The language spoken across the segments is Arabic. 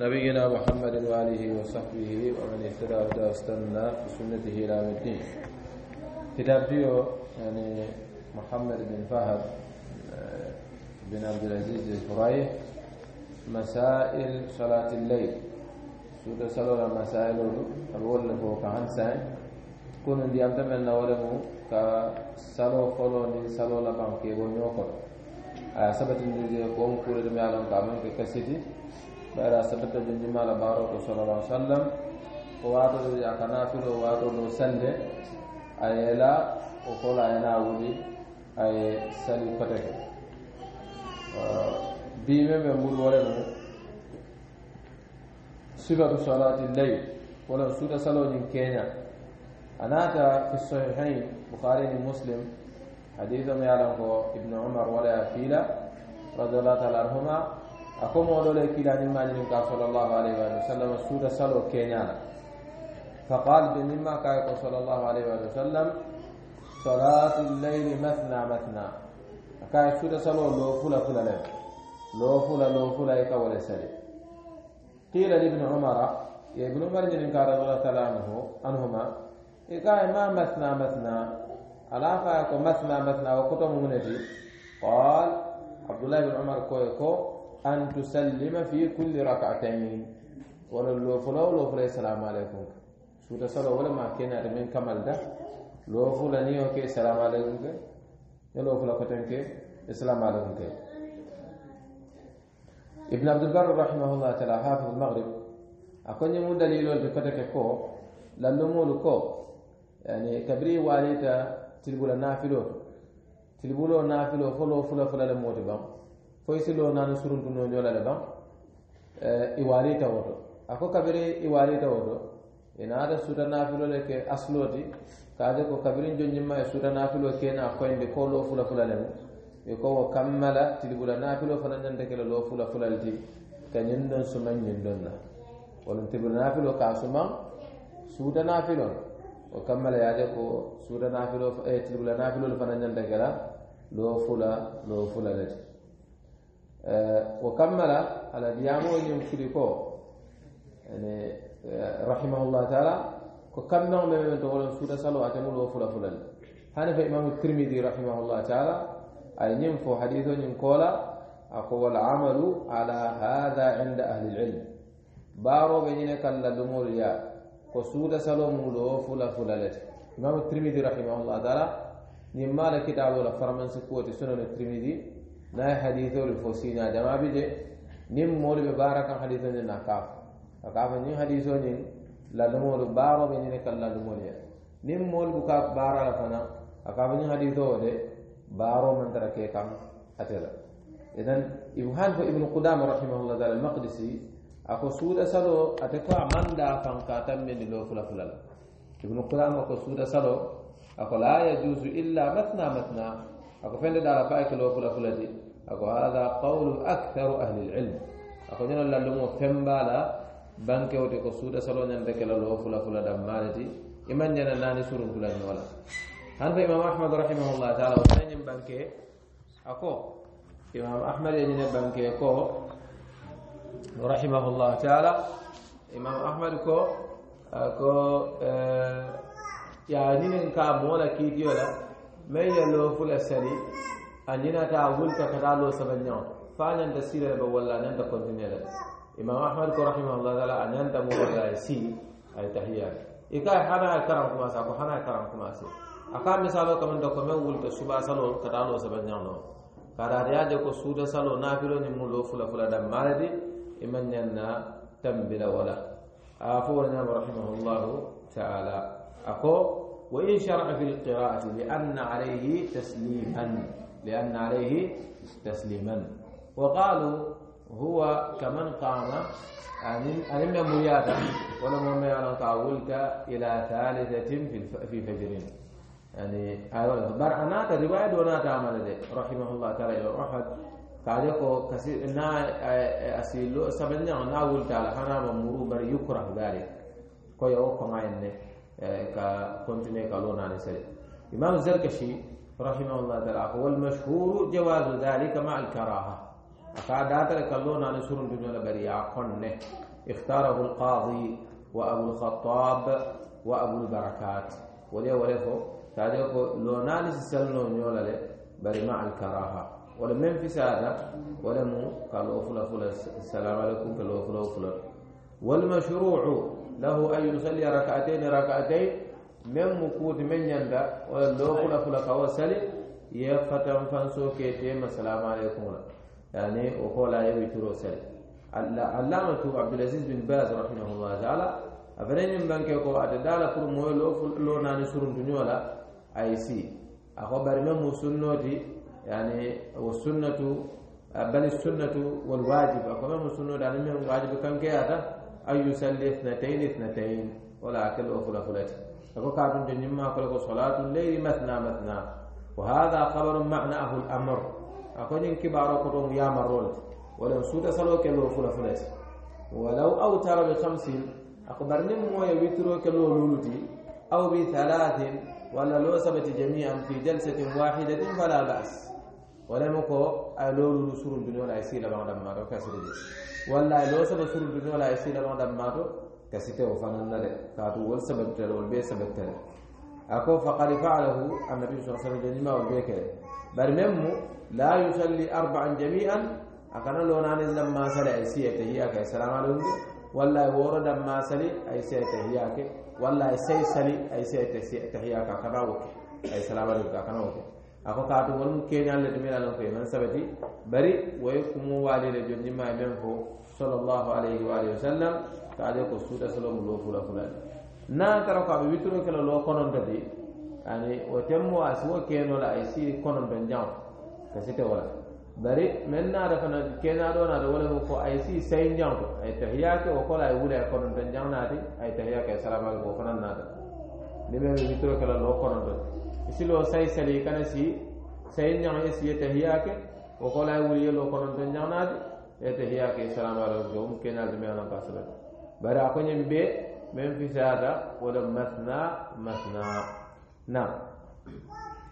نبينا محمد وآله وصحبه ومن اهتدى هدى واستنى بسنته إلى يوم الدين كتاب ديو يعني محمد بن فهد آه، بن عبد العزيز الفريح مسائل صلاة الليل سودة صلاة مسائل الأولى فوق عن سان كون دي أمتم لنا ولمو كسالو فلو صلاة سالو لبان كيبو نيوكو آية سبت نجي قوم كورد ميالون كامن كسيتي بارا سبت جنجي مالا باروكو صلى الله عليه وسلم وواتو جي اقنا فلو واتو لو سند اي الى وقول اي ناولي اي سلي فتك بيمي بمور ورم سبة صلاة الليل ولو سورة صلوة جن كينيا أنا في الصحيحين بخاري المسلم حديثا يعلمه ابن عمر ولا فيلا رضي الله تعالى عنهما أكو مودو لي كي داني ماني نكا صلى الله عليه وآله وسلم سورة سلو كينيانا فقال بمما كاي صلى الله عليه وآله وسلم صلاة الليل مثنى مثنى كاي سورة سلو لو فلا فلا لك لو فلا لو فلا يكا ولا سلي قيل لابن عمر يا ابن عمر جل انكار رضي الله تعالى عنه عنهما إذا ما مثنى مثنى على فاكو مثنى مثنى وكتب منجي قال عبد الله بن عمر كويكو أن تسلم في كل ركعتين ولو فلو لو فلو السلام عليكم شو تصلوا ولا ما كنا رمين كمال ده لو فلا نيو كي السلام عليكم كي يلو فلو كتن كي السلام عليكم كي ابن عبد البر رحمه الله تعالى حافظ المغرب أكون يمون دليل بكتك كو لنمول كو يعني كبري والي تلبول نافلو تلبولو نافلو فلو فلو فلو لموت بام foy silo nano surunduno ñolale ban e, i wari tawoto a ko kabiri i wari tawoto inaata e, suta nafilole ke asloti kaade ko kabiri joñimma e suta nafilo kena koyde ko lo fulafula lemu e ko wo kammala tilibula nafilo fana ñande kele lo fulafulal ti kañin ɗon suman ñin ɗon na wolum tilibula nafilo ka suman suta nafilo o kammala yaade ko suta nafilo e, tilibula nafilol fana ñande kela lo fula lo fulalati آه، وكمل على ديامو يمكنكو يعني آه، رحمه الله تعالى وكم نوع من تقول سورة سلو أتمول وفلا فلا هنا في إمام الترمذي رحمه الله تعالى أن نعم، ينفو حديث ينقول نعم أقوى العمل على هذا عند أهل العلم بارو بينك اللدمور يا وسورة سلو مولو فلا فلا إمام الترمذي رحمه الله تعالى نمال نعم، كتاب ولا فرمان سكوة سنن الترمذي nayi hadisole fo sina jama bi je nin moolu ɓe bara kan hadise ni na kaaf a kaafa ñin hadise ñin lallumolu baaroɓe ñine kan lallumolu ye nin moolu ɓe ka baara la fana a kaafa ñin hadise o de baaro mantara ke kan atela eten ibhan fo ibnu qudama rahimahullah taala almaqdisi ako suuda salo ate ko a manda kan ka tammendi lo fula fula la ibnu qudama ko suuda salo ako la yajuusu illa matna matna ako fende dara faake lo fula fula di أكو هذا قول أكثر أهل العلم أكو جنا للمو فمبالا بانك وتكو سودة سلو نندك للو فلا فلا دمالتي إمان جنا ناني سورن كلا نولا هل إمام أحمد رحمه الله تعالى وسنين بانك أكو إمام أحمد يجنا بانك أكو رحمه الله تعالى إمام أحمد كو أكو أه يعني إنك مولا كيديولا ما يلو فلا سري أنينا أول كفرالو سبنيو فأنا أنت سيرة بولا أنت كونتينيلا إمام أحمد رحمه الله تعالى أن أنت مولا سي أي تحيات إكا حنا كرم كماسي أكو حنا كرم كماسي أكا مثالو كمان دكو من ولت سبا سالو كتالو سبنيو نو كاراريا دكو سودا سالو نافلو نمولو فلا فلا دم مالدي إمن ينا تنبلا ولا أفورنا رحمه الله تعالى أكو وإن شرع في القراءة لأن عليه تسليما لأن عليه تسليما وقالوا هو كمن قام أن مياتا ولم يعلم قاولك إلى ثالثة في فجر يعني أيوة بر أنا ترواية دونا تعمل ده رحمه الله تعالى أحد كاجكو كثير نا آه، أسيلو سبنا أنا أقول تعالى أنا ممرو بر يكره ذلك كي أو كما إنه آه، كا كونتيني عن سري إمام الزركشي رحمه الله تعالى والمشهور جواز ذلك مع الكراهة أقعدات لكلون عن سورة الدنيا بريا قنة اختاره القاضي وأبو الخطاب وأبو البركات وليه وليه تاجوكو لونان سسلنو نيولا لي بري مع الكراهة ولا من في سادة ولا مو قالوا فلا فلا السلام عليكم قالوا فلا فلا والمشروع له أن يصلي ركعتين ركعتين men mu kuuti men ñanda walla loo fula fula kawo sali ye fatan fanso kete masalamu aleykum la yani o kola ye wituro sali allamatu abdulaziz bin baz rahimahullah taala a fana ñin banke ko ate dala pour moyo lo nani suruntuño la ay si a ko bari men mu sunnoti yani wo sunnatu bal sunnatu walwajib a ko men mu sunnoti ani men wajibi kankeyata an yusalli ithnatayn ithnatayn wala akel o fula fulati أقول جنما تنجم صلاة الليل مثنى مثنى وهذا خبر معناه الأمر أقول إن كبار كتب يا مرول ولو سوت صلوا كلو فلا فلس ولو أوتر بخمس أخبرني نمو يوترو كلو لولتي أو بثلاث ولا لو ثبت جميعا في جلسة واحدة فلا بأس ولم يكن ألول سر الدنيا لا يسير بعد ما كسر ولا لو ثبت سر الدنيا لا يسير بعد ما كسيته وفنان ندى كاتو والسبت والبي سبت أكو فقال فعله النبي صلى الله عليه وسلم جنما والبي كده بل ممو لا يصلي أربعا جميعا أكنا لو نانز لما سلع سيئته هيك السلام عليكم والله ورد ما سلي أي سيئته هيك والله سي سلي أي سيئته هيك أكنا وكي أي سلام عليكم أكنا وكي ako kaatu wonum keñal le tumira lon koye man sabati bari woye kumu walire jonni ma men fo sallallahu alayhi wa alihi wa sallam kaade ko suuta solomu lo fula fulani na tara ko aɓe witturo kela lo kononta de ani o temmo a siwo kenola ay si kononto jam kasite wala bari men naata fana kenaɗo naata wolemo ko ay si sayi janko ay tahiyake o kola ay wuula e kononto jang naati ay tahiyake ay salamale ko fanan naata ndimen wittiro kela lo kononto isilo say sali kana si say ñaŋ e si ye tahiya ke wo kola ye wuli yelo kononto ñaŋnaade ye tahiya ke salamu alaykum wo mu keñaal tumi alan ka sabati bari a ko ñiŋ bee meŋ fisaata wo le masna masna na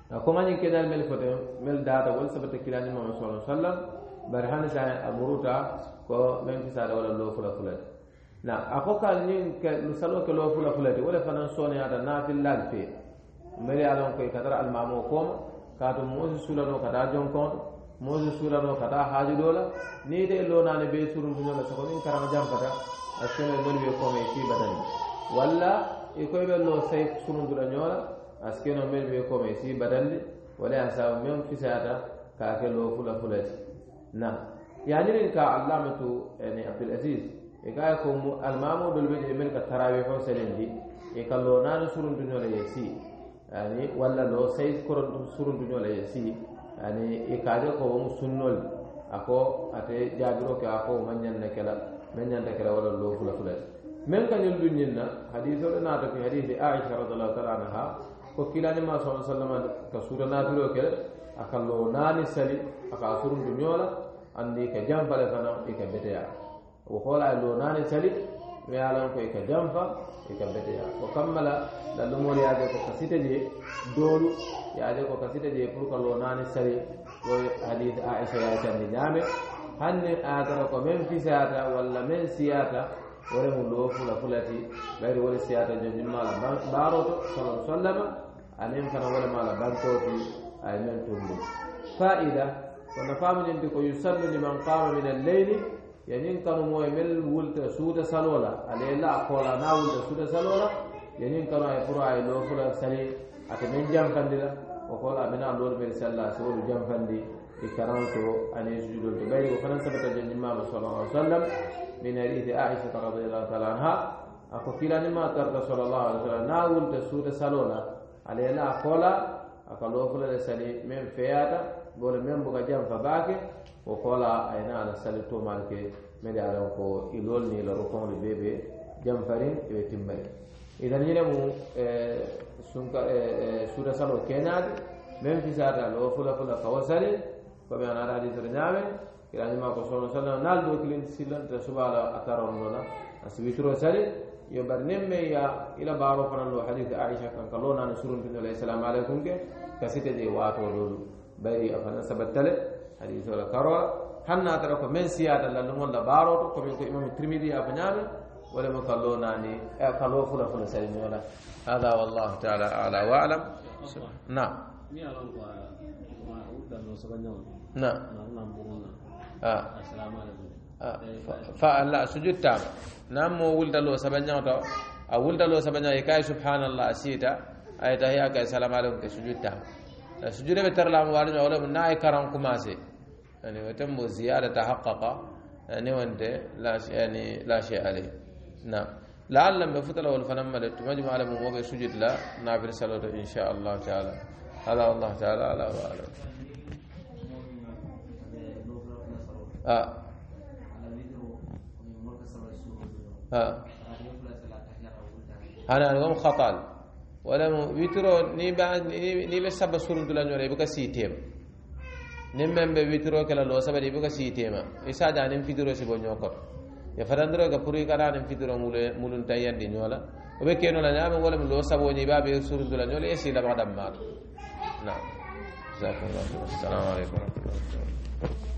a koma ñiŋ keñaal mel fote mel daata wolu sabata kilani mama sallam sallam bari hani sa a muruta ko meŋ fisaata wo le loo fula fulati na a ko kaal ñiŋ lu saloo ke loo fula fulati wo le fanaŋ sooneyaata naatillaal fee mbele ye koy ka tara alimamoo kooma kaatu moosu sulanoo ka taa jonkonto moosu sulanoo ka taa haajudoo la niŋ ite loo naani bee suruntuño la soko niŋ karama janfata a sene be kooma i siibatandi walla i koy be loo sayi suruntula ñoo la a sikeno melu be kooma i sii batandi wala ye a saabu meŋ fisayata ka ke loo fula fula ti na yañinin ka allamatu yani abdul asis i e ka ye ko alimamoo dolu be je melu ka tarawihoo selindi i e ka loo naani suruntuño la ye sii ani walla lo sai suruntuñole ya si ani i kaje ko womu sunnol ako ate jabiro ke a ko wo man ñanna kela man na kela wala lo fula fula men kañol du ñin na hadisole naata fi hadisi aicha radiallahu taala anha ko kilanima sa sallam ka suura naatiro kele ka lo naani sali aka suruntuñola andi ka janfale fana i ka beteya wo hoola e lo naani sali mi alan ko i ka janfa ikabbeteya ko kammala lallumol yaaje ko ka je doolu yaaje ko ka sita je pour ko lo naani sari wo hadith aicha yaacandi ñaame hanne aatara ko men fisata walla men siyata wore mu loo fula fulati ɓayri wole siyata joñum mala baaroto salam sallama anen fana wole mala bantoti ay men tumbu faida ko nafamuñenti ko yusallu liman qama min alleyli يعني انت نو مويمل ولت سودا سالولا علي لا قولا نا ولت سودا سالولا يعني انت نو يفرو اي لو فرو سالي اتمن جام فاندلا وقولا بنا دور بين سالا سول جام فاندي بكرام تو اني سجود دبي وفرنسا بتجن امام صلى الله عليه وسلم من حديث عائشه رضي الله تعالى اكو كلا نما ترى صلى الله عليه وسلم نا ولت سودا سالولا علي لا قولا اكو لو فرو سالي من فياتا bore men buka jam fa baake wo kola ayna ala sali tomal ke mede alan ko ilol ni la rukonle bebe jam farin ibe timmari idan ñine mu sunka suuda salo keñaade men fisaata ala wo fula fula kawo sali komi ana ata hadisata ñaame kirañima ko sono sallam naal do kilin sillanta subala a taronnola a sibitiro sali yo bari nen me ya ila baaro fanan lo hadise aicha kan ka lo naani suruntinolay salamu aleykum ke kasite je waatololu bayri afana sabattale hadise ola karola hanna tara ko min siyata lallugol la baroto komin ko imam trimidi afa ñaami ولم قالوا ناني قالوا أه، فلا فلا سلمونا هذا والله تعالى اعلى واعلم نعم نعم آه. آه. فالله سجود تام نعم ولد الله سبحانه وتعالى ولد الله سبحانه وتعالى سبحان الله سيتا ايتها يا سلام عليكم سجود تام سجود بتر لام وارد مولا من ناي كرام كماسي يعني وتم زيادة تحقق يعني وند لا شيء يعني لا شيء عليه نعم لعل ما فتلا والفنم ما تمجم على موقع سجود لا نعبر صلاة إن شاء الله تعالى هذا الله تعالى على وعلى آه آه أنا اليوم خطأ ولم ويترو ني با ني بي سبا سورد لا نوري بك سيتيم نيم مم بي ويترو كلا لو سبا دي بك سيتيما إسا دانم فيدرو سي بو نيوكو يفرندرو كبوري كلا نم فيدرو مولون تايان دي نيولا وبي كينو لا نيام ولا لو سبا وني با بي سورد لا نيولا إسي لا بعد مال نعم جزاكم الله السلام عليكم ورحمة الله وبركاته